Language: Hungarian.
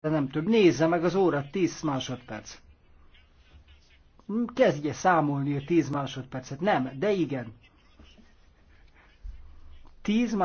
de nem több. Nézze meg az óra, 10 másodperc. Kezdje számolni a 10 másodpercet. Nem, de igen. 10